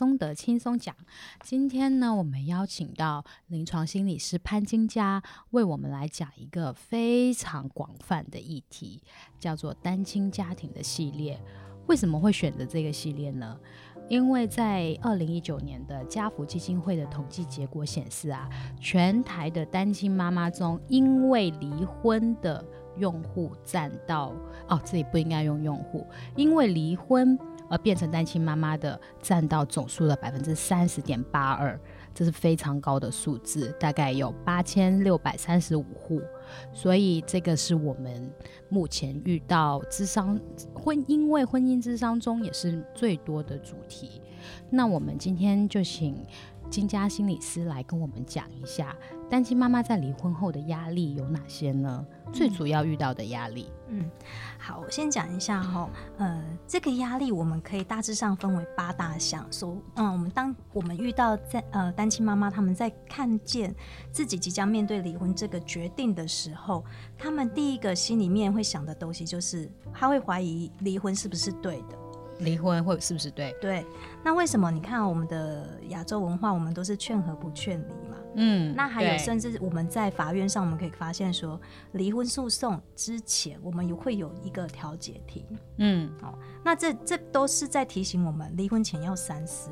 松德輕鬆講，今天呢，我們邀請到臨床心理師潘金嘉為我們來講一個非常廣泛的議題，叫做單親家庭的系列。為什麼會選擇這個系列呢？因為在二零一九年的家福基金會的統計結果顯示啊，全台的單親媽媽中，因為離婚的用戶占到哦，這裡不應該用用戶，因為離婚。而變成單親媽媽的占到總數的百分之三十點八二，這是非常高的數字，大概有八千六百三十五戶，所以這個是我們目前遇到諮商婚，因為婚姻諮商中也是最多的主題。那我們今天就請。金嘉心理師來跟我們講一下單親媽媽在離婚後的壓力有哪些呢？最主要遇到的壓力，嗯，好，我先講一下哈、哦，呃，這個壓力我們可以大致上分為八大項。所嗯，我們當我們遇到在呃單親媽媽，他們在看見自己即將面對離婚這個決定的時候，他們第一個心裡面會想的東西就是，他會懷疑離婚是不是對的。離婚會是不是對？對，那為什麼你看我們的亞洲文化，我們都是勸和不勸離嘛？嗯，那還有甚至我們在法院上，我們可以發現說，離婚訴訟之前，我們也會有一個調解庭。嗯，好、哦，那這這都是在提醒我們，離婚前要三思。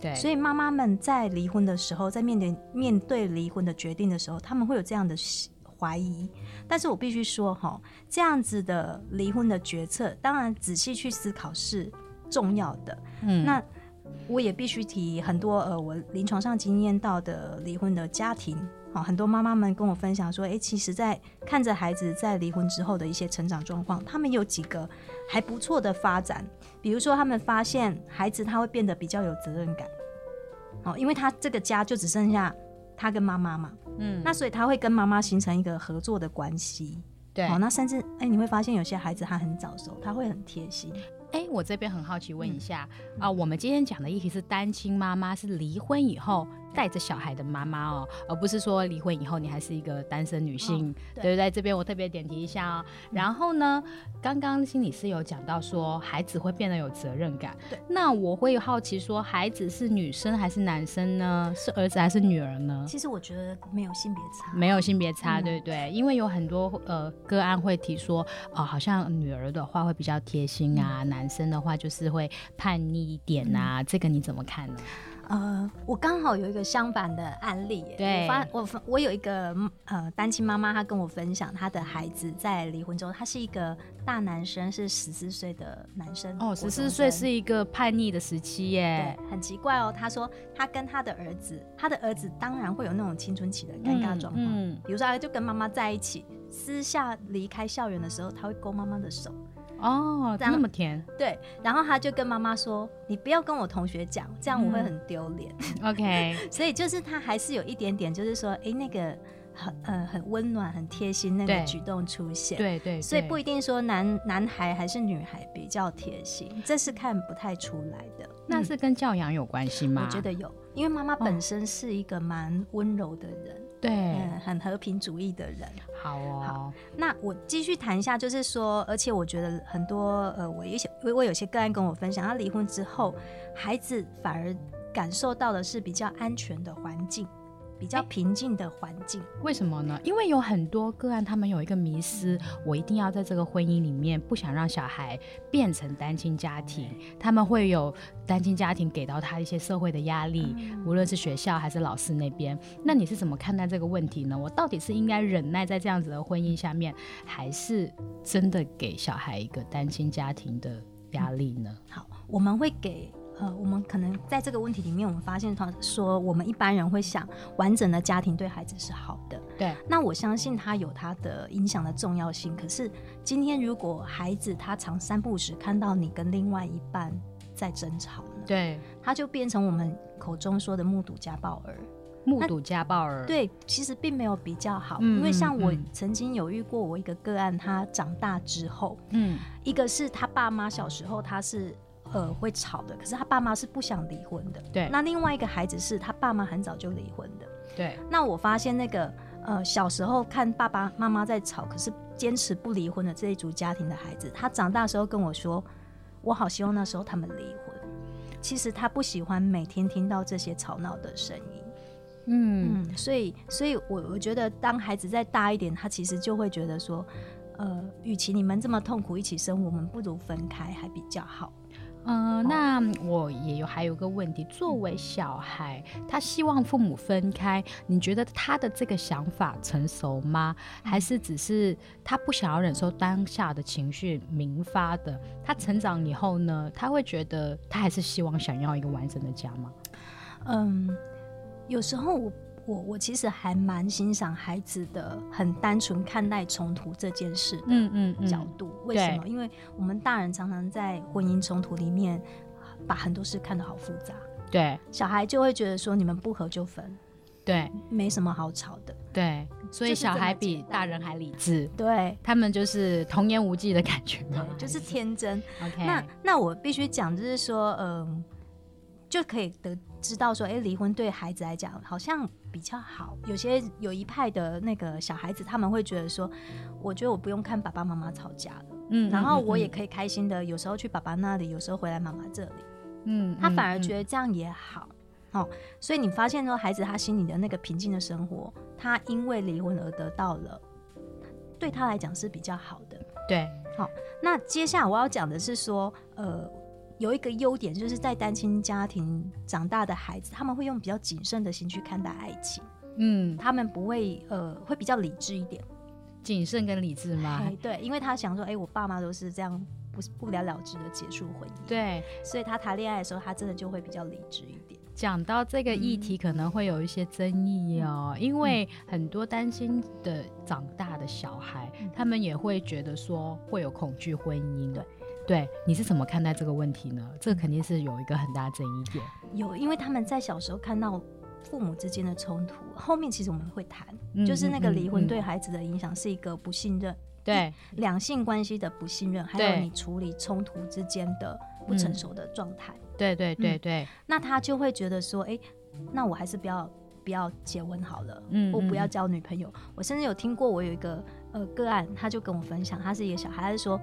對，所以媽媽們在離婚的時候，在面對面對離婚的決定的時候，他們會有這樣的。懷疑，但是我必須說，哈，這樣子的離婚的決策，當然仔細去思考是重要的。嗯，那我也必須提很多，呃，我臨床上經驗到的離婚的家庭，很多媽媽們跟我分享說，欸，其實，在看着孩子在離婚之後的一些成長狀況，他們有幾個還不錯的發展，比如說他們發現孩子他會變得比較有責任感，好，因為他這個家就只剩下。他跟媽媽嘛，嗯，那所以他會跟媽媽形成一個合作的關係，對、喔，那甚至哎、欸，你會發現有些孩子他很早熟，他會很貼心。哎、欸，我這邊很好奇問一下、嗯、啊，我們今天講的議題是單親媽媽，是離婚以後。嗯帶着小孩的媽媽哦，而不是說離婚以後你還是一個單身女性，哦、對，對不對？這邊我特別點提一下哦、嗯。然後呢，剛剛心理師有講到說孩子會變得有責任感，對，那我會好奇說孩子是女生還是男生呢？是兒子還是女兒呢？其實我覺得沒有性別差，沒有性別差，嗯、對不對？因為有很多呃個案會提說，哦、呃，好像女兒的話會比較貼心啊，嗯、男生的話就是會叛逆一點啊，嗯、這個你怎麼看呢？呃，我剛好有一個相反的案例，對，我發我我有一個呃單親媽媽，她跟我分享她的孩子在離婚之後，他是一個大男生，是十四歲的男生哦，十四歲是一個叛逆的時期耶，嗯，對，很奇怪哦，她說他跟他的兒子，他的兒子當然會有那種青春期的尷尬狀況，嗯，嗯，比如說他就跟媽媽在一起，私下離開校園的時候，他會勾媽媽的手。哦，那麼甜，對。然後他就跟媽媽說：“你不要跟我同學講，這樣我會很丟臉。嗯” OK。所以就是他還是有一點點，就是說，哎、欸，那個很呃很溫暖、很貼心那個舉動出現。對對，對對。所以不一定說男男孩還是女孩比較貼心，這是看不太出來的。那是跟教養有關係嗎、嗯？我覺得有，因為媽媽本身是一個蠻溫柔的人。哦對。嗯，很和平主義的人。好哦，好。那我繼續談一下，就是說，而且我覺得很多呃，我有一些，我我有些個案跟我分享，他離婚之後，孩子反而感受到的是比較安全的環境。比較平靜的環境。欸，為什麼呢？因為有很多個案，他們有一個迷思，我一定要在這個婚姻裡面，不想讓小孩變成單親家庭。欸，他們會有單親家庭給到他一些社會的壓力，嗯、無論是學校還是老師那邊。那你是怎麼看待這個問題呢？我到底是應該忍耐在這樣子的婚姻下面，還是真的給小孩一個單親家庭的壓力呢？嗯。好，我們會給。呃，我們可能在這個問題裡面，我們發現他說，我們一般人會想完整的家庭對孩子是好的。對。那我相信他有他的影響的重要性。可是今天如果孩子他常三不時看到你跟另外一半在爭吵，對，他就變成我們口中說的目睹家暴兒。目睹家暴兒。對，其實並沒有比較好，嗯，因為像我曾經有遇過我一個個案，他長大之後，嗯，一個是他爸媽小時候他是。呃，會吵的，可是他爸媽是不想離婚的。對。那另外一個孩子是他爸媽很早就離婚的。對。那我發現那個呃，小時候看爸爸媽媽在吵，可是堅持不離婚的這一組家庭的孩子，他長大時候跟我說：“我好希望那時候他們離婚。”其實他不喜歡每天聽到這些吵鬧的聲音。嗯。嗯，所以，所以我我覺得，當孩子再大一點，他其實就會覺得說：“呃，與其你們這麼痛苦一起生活，我們不如分開還比較好。”嗯，那我也有還有一個問題，作為小孩，他希望父母分開，你覺得他的這個想法成熟嗎？還是只是他不想要忍受當下的情緒，明發的？他成長以後呢，他會覺得他還是希望想要一個完整的家嗎？嗯，有時候我。我我其實還蠻欣賞孩子的很單純看待衝突這件事的，嗯嗯，角、嗯、度為什麼？因為我們大人常常在婚姻衝突裡面，把很多事看得好複雜，對，小孩就會覺得說你們不合就分，對，沒什麼好吵的，對，所以小孩比大人還理智，對，他們就是童言無忌的感覺，對就是天真。 OK，那那我必須講就是說，嗯。就可以得知道說，誒、欸、離婚對孩子來講好像比較好。有些有一派的那個小孩子，他們會覺得說，我覺得我不用看爸爸媽媽吵架了，嗯，嗯，嗯，嗯，然後我也可以開心的，有時候去爸爸那裡，有時候回來媽媽這裡，嗯，嗯，嗯，他反而覺得這樣也好，哦，所以你發現說，孩子他心裡的那個平靜的生活，他因為離婚而得到了，對他來講是比較好的，對，好、哦，那接下來我要講的是說，呃。有一個優點，就是在單親家庭長大的孩子，他們會用比較謹慎的心去看待愛情。嗯，他們不會呃，會比較理智一點。謹慎跟理智嗎？對，因為他想說，哎、欸，我爸媽都是這樣不，不不了了之的結束婚姻。對，所以他談戀愛的時候，他真的就會比較理智一點。講到這個議題，嗯、可能會有一些爭議哦，嗯、因為很多單親的長大的小孩、嗯，他們也會覺得說會有恐懼婚姻。對。對，你是怎麼看待這個問題呢？這肯定是有一個很大爭議點。有，因為他們在小時候看到父母之間的衝突，後面其實我們會談，嗯、就是那個離婚對孩子的影響是一個不信任，嗯、對兩性關係的不信任，還有你處理衝突之間的不成熟的狀態。嗯、對對對對、嗯，那他就會覺得說，哎，那我還是不要不要結婚好了，嗯，我不要交女朋友。嗯、我甚至有聽過，我有一個呃個案，他就跟我分享，他是一個小孩，他就說。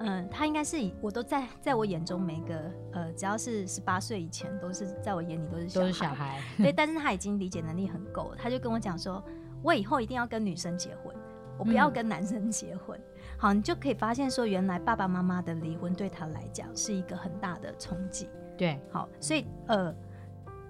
嗯、呃，他應該是以我都在，在我眼中每個呃，只要是十八歲以前，都是在我眼裡都是小孩，都是小孩。 對，但是他已經理解能力很夠，他就跟我講說，我以後一定要跟女生結婚，我不要跟男生結婚。嗯、好，你就可以發現說，原來爸爸媽媽的離婚對他來講是一個很大的衝擊。對，好，所以呃，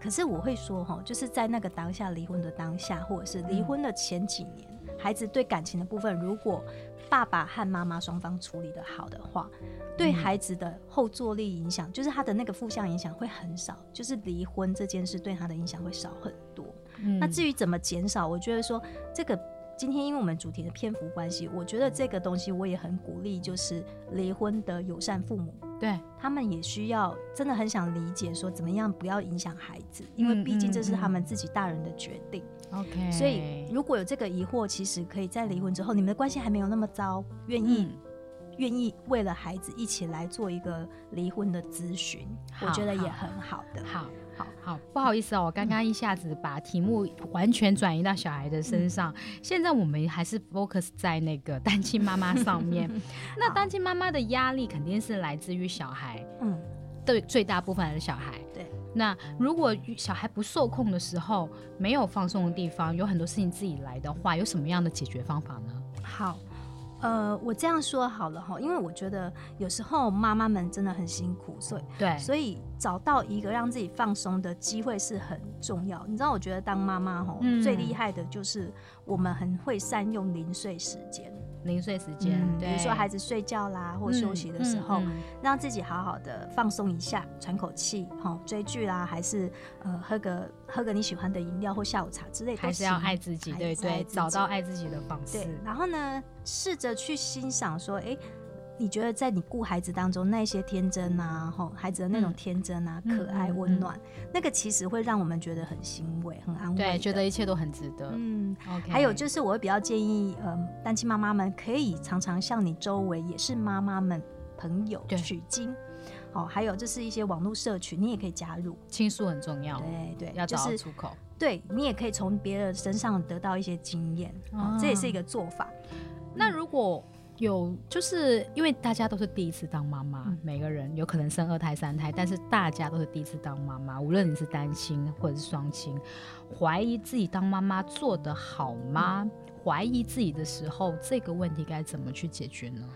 可是我會說哈，就是在那個當下離婚的當下，或者是離婚的前幾年、嗯，孩子對感情的部分如果。爸爸和媽媽雙方處理得好的話，對孩子的後坐力影響，嗯，就是他的那個負向影響會很少，就是離婚這件事對他的影響會少很多。嗯、那至於怎麼減少，我覺得說這個今天因為我們主題的篇幅關係，我覺得這個東西我也很鼓勵，就是離婚的友善父母，對，他們也需要真的很想理解說怎麼樣不要影響孩子，因為畢竟這是他們自己大人的決定。嗯嗯嗯 OK，所以如果有這個疑惑，其實可以在離婚之後，你們的關係還沒有那麼糟，願意、嗯、願意為了孩子一起來做一個離婚的諮詢，我覺得也很好的。好好好，好，好，不好意思哦、嗯，我剛剛一下子把題目完全轉移到小孩的身上，嗯、現在我們還是 focus 在那個單親媽媽上面。 那單親媽媽的壓力肯定是來自於小孩，嗯，對，最大部分是小孩。那如果小孩不受控的時候，沒有放鬆的地方，有很多事情自己來的話，有什麼樣的解決方法呢？好，呃，我這樣說好了吼，因為我覺得有時候媽媽們真的很辛苦，所以對，所以找到一個讓自己放鬆的機會是很重要。你知道，我覺得當媽媽吼，最厲害的就是我們很會善用零碎時間。零碎時間、嗯，比如說孩子睡覺啦、嗯、或休息的時候、嗯嗯，讓自己好好的放鬆一下，喘、嗯、口氣，追劇啦，還是呃喝個喝個你喜歡的飲料或下午茶之類，還是要愛自己，對愛自己對，對，找到愛自己的方式。對，然後呢，試着去欣賞說，哎、欸。你覺得在你顧孩子當中，那些天真啊，吼孩子的那種天真啊，嗯、可愛溫、溫、嗯、暖、嗯，那個其實會讓我們覺得很欣慰、很安慰，覺得一切都很值得。嗯、Okay. 還有就是，我會比較建議，嗯、呃，單親媽媽們可以常常向你周圍也是媽媽們、朋友取經。對。哦、喔，還有就是一些網絡社群，你也可以加入。傾訴很重要。對對，要找到出口。就是、對，你也可以從別人身上得到一些經驗。哦、啊喔。這也是一個做法。那如果。有，就是因為大家都是第一次當媽媽，每個人有可能生二胎、三胎，但是大家都是第一次當媽媽。無論你是單親或者是雙親，懷疑自己當媽媽做得好嗎？嗯。懷疑自己的時候，這個問題該怎麼去解決呢？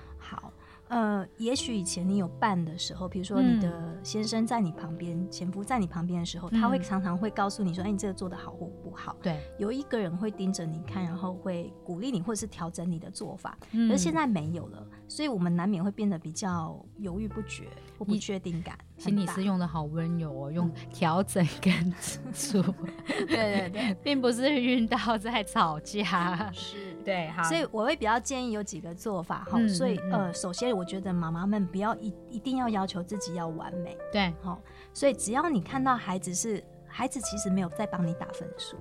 呃，也許以前你有伴的時候，比如說你的先生在你旁邊、嗯，前夫在你旁邊的時候，他會常常會告訴你說：“哎、嗯欸，你這個做的好或不好。”對，有一個人會盯着你看，然後會鼓勵你、嗯，或者是調整你的做法。嗯，而現在沒有了，所以我們難免會變得比較猶豫不決，或不確定感。其實你是用的好溫柔哦，用調整跟、嗯、自主。 對對對，對，並不是暈到在吵架。是。對好，所以我會比較建議有幾個做法哈、嗯哦。所以呃，首先我覺得媽媽們不要一一定要要求自己要完美，對好、哦，所以只要你看到孩子是孩子，其實沒有在幫你打分數，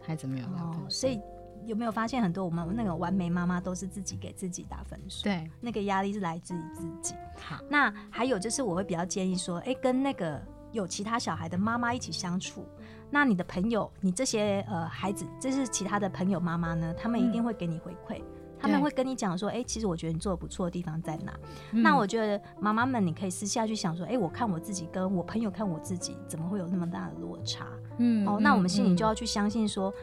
孩子沒有。哦，所以有沒有發現很多我們那個完美媽媽都是自己給自己打分數？對，那個壓力是來自於自己。好，那還有就是我會比較建議說，哎，跟那個。有其他小孩的媽媽一起相處，那你的朋友，你這些呃孩子，這是其他的朋友媽媽呢，他們一定會給你回饋、嗯，他們會跟你講說，誒、欸，其實我覺得你做的不錯的地方在哪？嗯、那我覺得媽媽們，你可以私下去想說，誒、欸，我看我自己跟我朋友看我自己，怎麼會有那麼大的落差？嗯，哦，那我們心裡就要去相信說，嗯、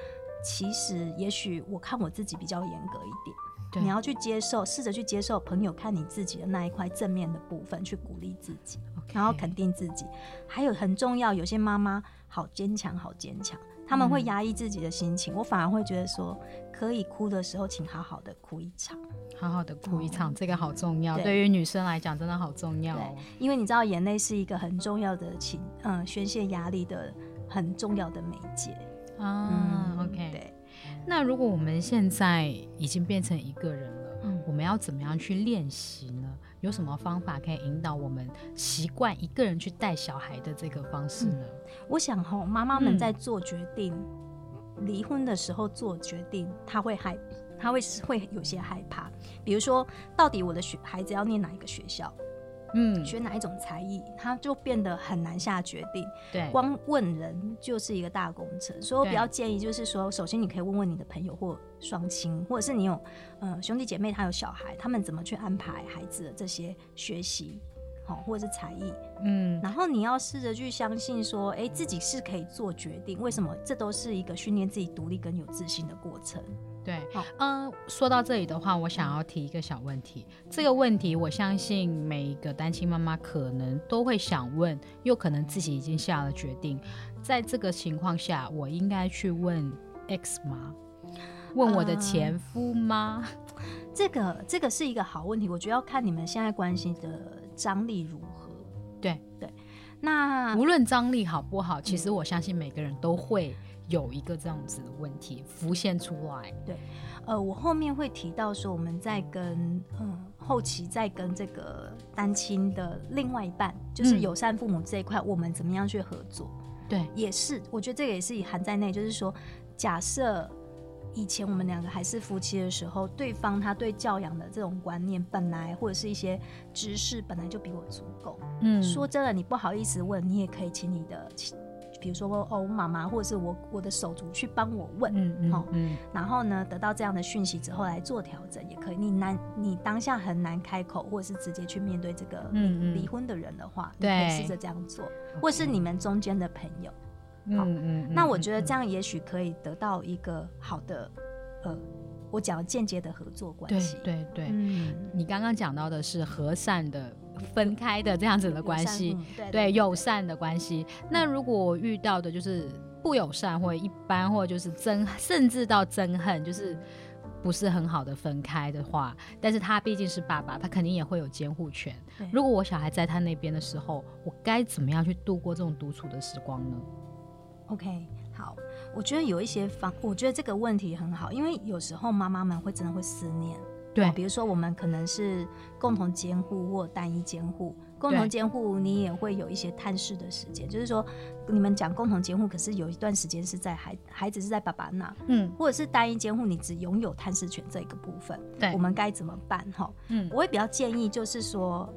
其實也許我看我自己比較嚴格一點。你要去接受，試着去接受朋友看你自己的那一塊正面的部分，去鼓勵自己，okay. 然後肯定自己。還有很重要，有些媽媽好堅強，好堅強，他們會壓抑自己的心情、嗯，我反而會覺得說，可以哭的時候，請好好的哭一場，好好的哭一場，嗯、這個好重要，嗯、對於女生來講真的好重要，對，因為你知道眼淚是一個很重要的情，嗯、呃，宣洩壓力的很重要的媒介啊。嗯、OK，那如果我們現在已經變成一個人了、嗯，我們要怎麼樣去練習呢？有什麼方法可以引導我們習慣一個人去帶小孩的這個方式呢？嗯、我想哈、哦，媽媽們在做決定、嗯、離婚的時候做決定，她會害，她會會有些害怕。比如說，到底我的學孩子要念哪一個學校？嗯，學哪一種才藝，他就變得很難下決定。對，光問人就是一個大工程，所以我比較建議，就是說，首先你可以問問你的朋友或雙親，或者是你有，呃，兄弟姐妹，他有小孩，他們怎麼去安排孩子的這些學習，好，或者是才藝。嗯，然後你要試着去相信說，誒，自己是可以做決定。為什麼？這都是一個訓練自己獨立跟有自信的過程。對，嗯，說到這裡的話，我想要提一個小問題。這個問題，我相信每一個單親媽媽可能都會想問，又可能自己已經下了決定。在這個情況下，我應該去問 X 嗎？問我的前夫嗎？呃，這個，這個是一個好問題。我覺得要看你們現在關係的張力如何。對對，那無論張力好不好，其實我相信每個人都會。有一個這樣子的問題浮現出來。對，呃，我後面會提到說，我們在跟嗯，嗯後期在跟這個單親的另外一半，就是友善父母這一塊，嗯，我們怎麼樣去合作？對，也是，我覺得這個也是含在內，就是說，假設以前我們兩個還是夫妻的時候，對方他對教養的這種觀念本來或者是一些知識本來就比我足夠。嗯，說真的，你不好意思問，你也可以請你的。比如說，哦，我媽媽，或者是我我的手足，去幫我問，嗯嗯嗯，然後呢，得到這樣的訊息之後，來做調整也可以。你難，你當下很難開口，或者是直接去面對這個離，離婚的人的話，嗯嗯、你可以試着這樣做，或是你們中間的朋友，好，嗯嗯，嗯，那我覺得這樣也許可以得到一個好的，呃，我講的間接的合作關係，對對對。嗯，你剛剛講到的是和善的。分開的這樣子的關係，對友善的關係。那如果我遇到的就是不友善，或一般，或就是憎，甚至到憎恨，就是不是很好的分開的話，但是他畢竟是爸爸，他肯定也會有監護權。如果我小孩在他那邊的時候，我該怎麼樣去度過這種獨處的時光呢？OK，好，我覺得有一些方，我覺得這個問題很好，因為有時候媽媽們會真的會思念。比如說我們可能是共同監護或單一監護。共同監護，你也會有一些探視的時間，就是說你們講共同監護，可是有一段時間是在孩子孩子，是在爸爸那，嗯，或者是單一監護，你只擁有探視權這一個部分。對，我們該怎麼辦？哈，嗯，我會比較建議就是說，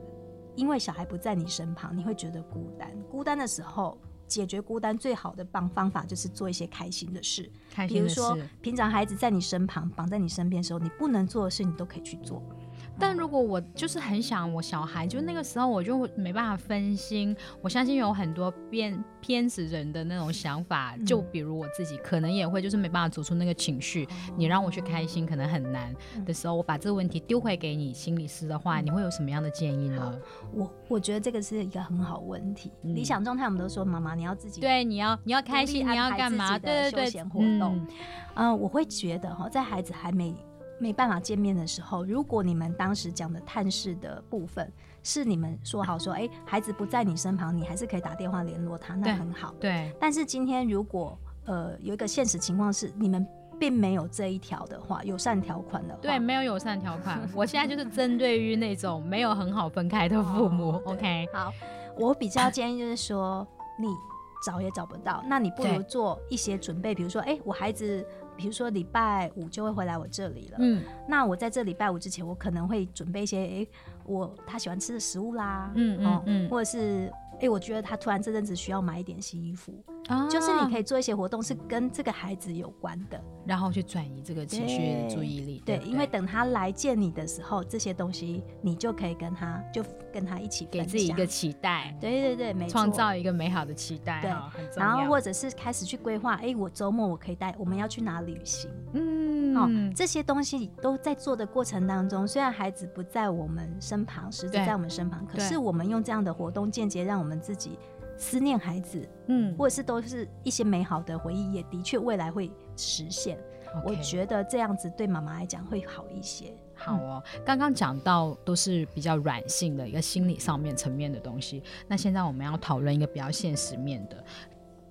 因為小孩不在你身旁，你會覺得孤單。孤單的時候，解決孤單最好的方方法，就是做一些開心的事。比如說，平常孩子在你身旁綁在你身邊的時候，你不能做的事你都可以去做。嗯、但如果我就是很想我小孩，嗯，就那個時候我就沒辦法分心。嗯、我相信有很多偏偏執人的那種想法，嗯、就比如我自己可能也會，就是沒辦法走出那個情緒，嗯。你讓我去開心，可能很難的時候，嗯、我把這個問題丟回給你心理師的話，嗯，你會有什麼樣的建議呢？嗯、我我覺得這個是一個很好問題。嗯、理想狀態我們都說，媽媽你要自己對，你要你要開心，你要幹嘛的，對對對，休閒活動嗯、呃，我會覺得哈，在孩子還沒沒辦法見面的時候，如果你們當時講的探視的部分是你們說好說，哎、欸，孩子不在你身旁，你還是可以打電話聯絡他，那很好。對。對，但是今天如果呃有一個現實情況是你們並沒有這一條的話，友善條款的話，對沒有友善條款， 我現在就是針對於那種沒有很好分開的父母。哦、OK，好，我比較建議就是說你。 找也找不到，那你不如做一些準備，比如說，誒、欸，我孩子，比如說禮拜五就會回來我這裡了，嗯，那我在這禮拜五之前，我可能會準備一些，誒、欸，我他喜歡吃的食物啦，嗯、哦、嗯、嗯，或者是。哎、欸，我覺得他突然這陣子需要買一點新衣服，啊、就是你可以做一些活動，是跟這個孩子有關的，然後去轉移這個情緒的注意力。對，對，對，因為等他來見你的時候，這些東西你就可以跟他，就跟他一起給自己一個期待。對對對，沒錯，創造一個美好的期待。對，然後或者是開始去規劃，哎、欸，我周末我可以帶我們要去哪旅行。嗯，哦，這些東西都在做的過程當中，雖然孩子不在我們身旁，實質在我們身旁，可是我們用這樣的活動間接讓我們。自己思念孩子，嗯，或者是都是一些美好的回憶，也的確未來會實現。Okay。我覺得這樣子對媽媽來講會好一些。好哦，剛剛講到都是比較軟性的一個心理上面層面的東西，那現在我們要討論一個比較現實面的，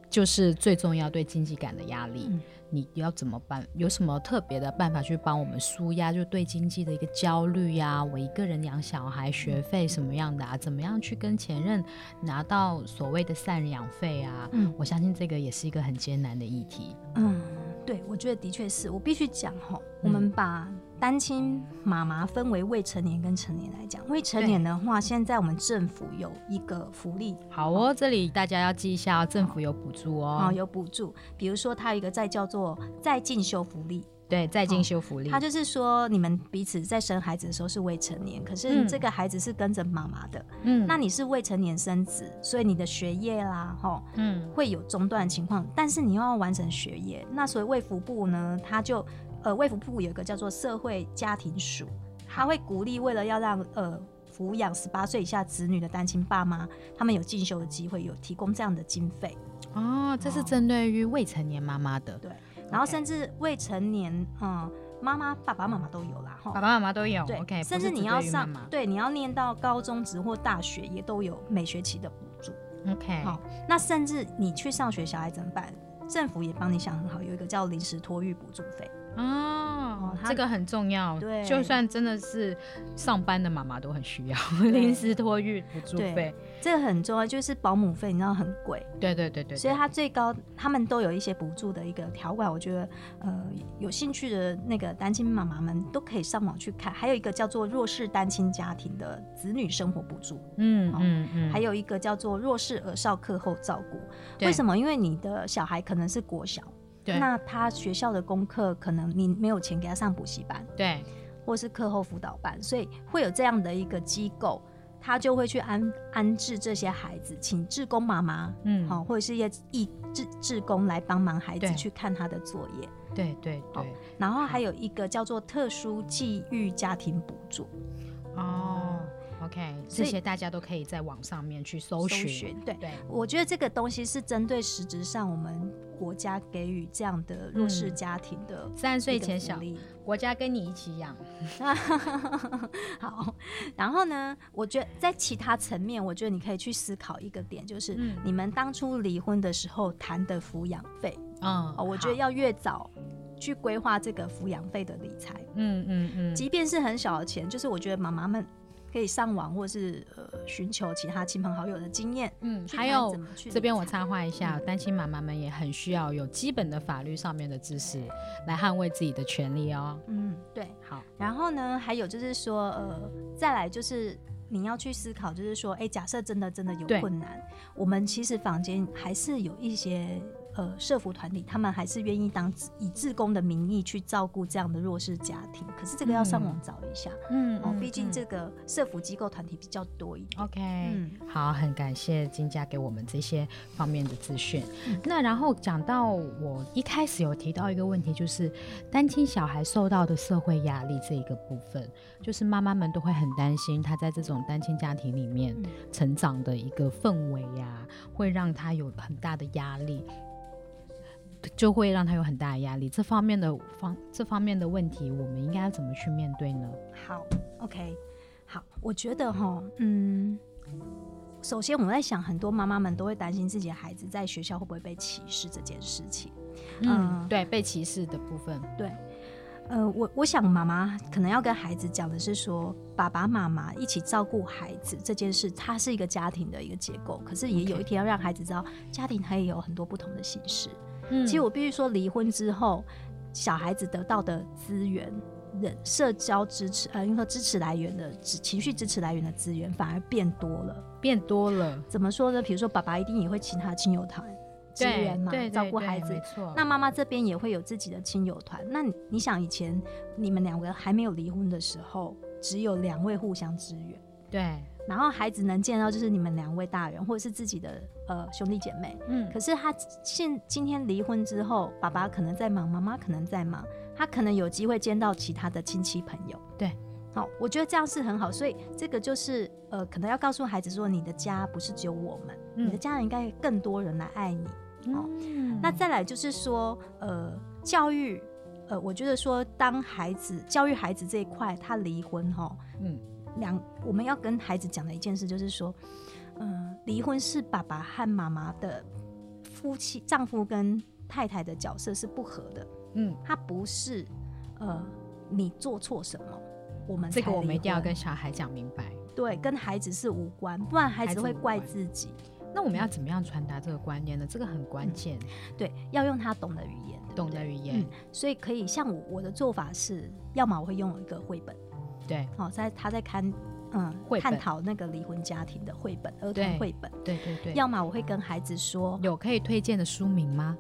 就是最重要對經濟感的壓力。嗯你要怎麼辦？有什麼特別的辦法去幫我們紓壓？就對經濟的一個焦慮呀、啊，我一個人養小孩、學費什麼樣的啊？怎麼樣去跟前任拿到所謂的贍養費啊、嗯？我相信這個也是一個很艱難的議題。嗯，對，我覺得的確是，我必須講哈，我們把。嗯單親媽媽分為未成年跟成年來講，未成年的話，現在我們政府有一個福利。好哦，哦，這裡大家要記一下，政府有補助哦。啊、哦，有補助，比如說它有一個在叫做再進修福利。對，再進修福利。哦、它就是說，你們彼此在生孩子的時候是未成年，可是這個孩子是跟着媽媽的。嗯。那你是未成年生子，所以你的學業啦，哦、嗯，會有中斷情況，但是你又要完成學業，那所以衛福部呢，他就。呃，衛福部有一個叫做社會家庭署，他會鼓勵為了要讓呃撫養十八歲以下子女的單親爸媽，他們有進修的機會，有提供這樣的經費。哦，這是針對於未成年媽媽的。哦。對。然後甚至未成年，嗯，媽媽、爸爸媽媽都有啦，哈、哦。爸爸媽媽都有。對，OK, 甚至你要上對媽媽，對，你要念到高中職或大學也都有每學期的補助。OK。好，哦，那甚至你去上學，小孩怎麼辦？政府也幫你想很好，有一個叫臨時托育補助費。哦，這個很重要。對，就算真的是上班的媽媽都很需要臨時托育補助費。這個很重要，就是保姆費，你知道很貴。對對對對，對，對。所以，他最高他們都有一些補助的一個條款，我覺得呃，有興趣的那個單親媽媽們都可以上網去看。還有一個叫做弱勢單親家庭的子女生活補助。嗯嗯嗯。還有一個叫做弱勢兒少課後照顧。對。為什麼？因為你的小孩可能是國小。那他學校的功課可能你沒有錢給他上補習班，對，或是課後輔導班，所以會有這樣的一個機構，他就會去安安置這些孩子，請志工媽媽，嗯，好、哦，或者是一一志志工來幫忙孩子去看他的作業，對對對、對、哦，然後還有一個叫做特殊境遇家庭補助，哦。OK，這些大家都可以在網上面去搜尋。對，對，我覺得這個東西是針對實質上我們國家給予這樣的弱勢家庭的、嗯、三歲前小孩國家跟你一起養。 好，然後呢，我覺得在其他層面，我覺得你可以去思考一個點，就是你們當初離婚的時候談的撫養費嗯、哦，我覺得要越早去規劃這個撫養費的理財。嗯嗯嗯，即便是很小的錢，就是我覺得媽媽們。可以上網，或是呃，尋求其他親朋好友的經驗。嗯，還有去怎麼去這邊我插話一下，嗯、單親媽媽們也很需要有基本的法律上面的知識來捍衛自己的權利哦。嗯，對，好。然後呢，還有就是說，呃，再來就是你要去思考，就是說，誒、欸，假設真的真的有困難，我們其實坊間還是有一些。呃，社服團體他們還是願意當以自工的名義去照顧這樣的弱勢家庭，可是這個要上網找一下，嗯，哦，畢、嗯、竟這個社服機構團體比較多一點。OK，、嗯、好，很感謝金家給我們這些方面的資訊、嗯。那然後講到我一開始有提到一個問題，就是、嗯、單親小孩受到的社會壓力這一個部分，就是媽媽們都會很擔心他在這種單親家庭裡面成長的一個氛圍呀、啊嗯，會讓他有很大的壓力。就會讓他有很大的壓力，這方面的方，這方面的問題，我們應該要怎麼去面對呢？好，OK，好，我覺得哈，嗯，首先我們在想，很多媽媽們都會擔心自己的孩子在學校會不會被歧視這件事情。嗯，嗯對，被歧視的部分。對，呃，我我想媽媽可能要跟孩子講的是說，爸爸媽媽一起照顧孩子這件事，它是一個家庭的一個結構，可是也有一天要讓孩子知道，家庭它也有很多不同的形式。其實我必須說，離婚之後，小孩子得到的資源、人社交支持，呃，應該說支持來源的、情緒支持來源的資源反而變多了，變多了。怎麼說呢？比如說，爸爸一定也會請他親友團支援嘛，對對對，照顧孩子。沒錯。那媽媽這邊也會有自己的親友團。那你想，以前你們兩個還沒有離婚的時候，只有兩位互相支援。對。然後孩子能見到就是你們兩位大人，或者是自己的呃兄弟姐妹。嗯。可是他現今天離婚之後，爸爸可能在忙，媽媽可能在忙，他可能有機會見到其他的親戚朋友。對，好、哦，我覺得這樣是很好，所以這個就是呃，可能要告訴孩子說，你的家不是只有我們，嗯、你的家人應該更多人來愛你、哦。嗯。那再來就是說呃教育呃，我覺得說當孩子教育孩子這一塊，他離婚哈、哦，嗯。兩，我們要跟孩子講的一件事就是說，嗯、呃，離婚是爸爸和媽媽的夫妻，丈夫跟太太的角色是不合的，嗯，他不是，呃，你做錯什麼，我們這個我們一定要跟小孩講明白，對，跟孩子是無關，不然孩子會怪自己。那我們要怎麼樣傳達這個觀念呢？嗯、這個很關鍵、嗯，對，要用他懂的語言，對對懂的語言、嗯，所以可以像我我的做法是，要麼我會擁有一個繪本。對，好、哦，在他在看，嗯，探討那個離婚家庭的繪本，兒童繪本對，對對對。要麼我會跟孩子說，嗯、有可以推薦的書名嗎、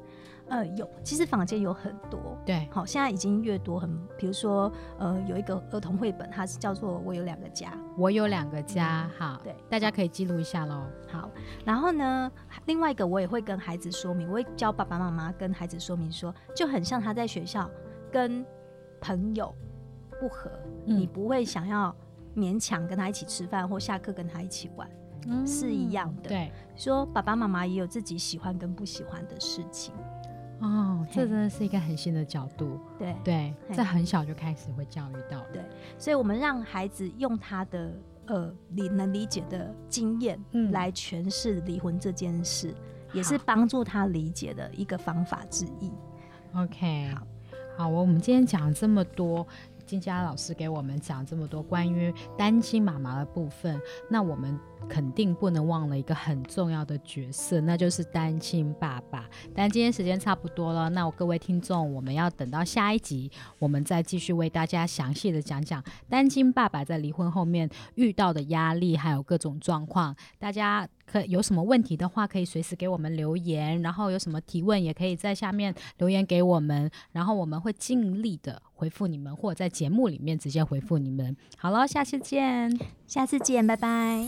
嗯？呃，有，其實坊間有很多，對，好、哦，現在已經越多很，比如說，呃，有一個兒童繪本，它是叫做我《我有兩個家》嗯，我有兩個家，好，對，大家可以記錄一下嘍，好。然後呢，另外一個我也會跟孩子說明，我會教爸爸媽媽跟孩子說明說，就很像他在學校跟朋友。不合，嗯，你不會想要勉強跟他一起吃飯，或下課跟他一起玩，嗯，是一樣的。對，說爸爸媽媽也有自己喜歡跟不喜歡的事情。哦，這真的是一個很新的角度。對對，在很小就開始會教育到。對，所以我們讓孩子用他的呃理能理解的經驗來詮釋離婚這件事，嗯，也是幫助他理解的一個方法之一。好 OK，好，好，我們今天講這麼多。金嘉老師給我們講這麼多關於單親媽媽的部分，那我們肯定不能忘了一個很重要的角色，那就是單親爸爸。但今天時間差不多了，那我各位聽眾，我們要等到下一集，我們再繼續為大家詳細的講講單親爸爸在離婚後面遇到的壓力還有各種狀況。大家可有什麼問題的話，可以隨時給我們留言，然後有什麼提問也可以在下面留言給我們，然後我們會盡力的。回復你們，或者在節目裡面直接回復你們。嗯、好了，下次見，下次見，拜拜。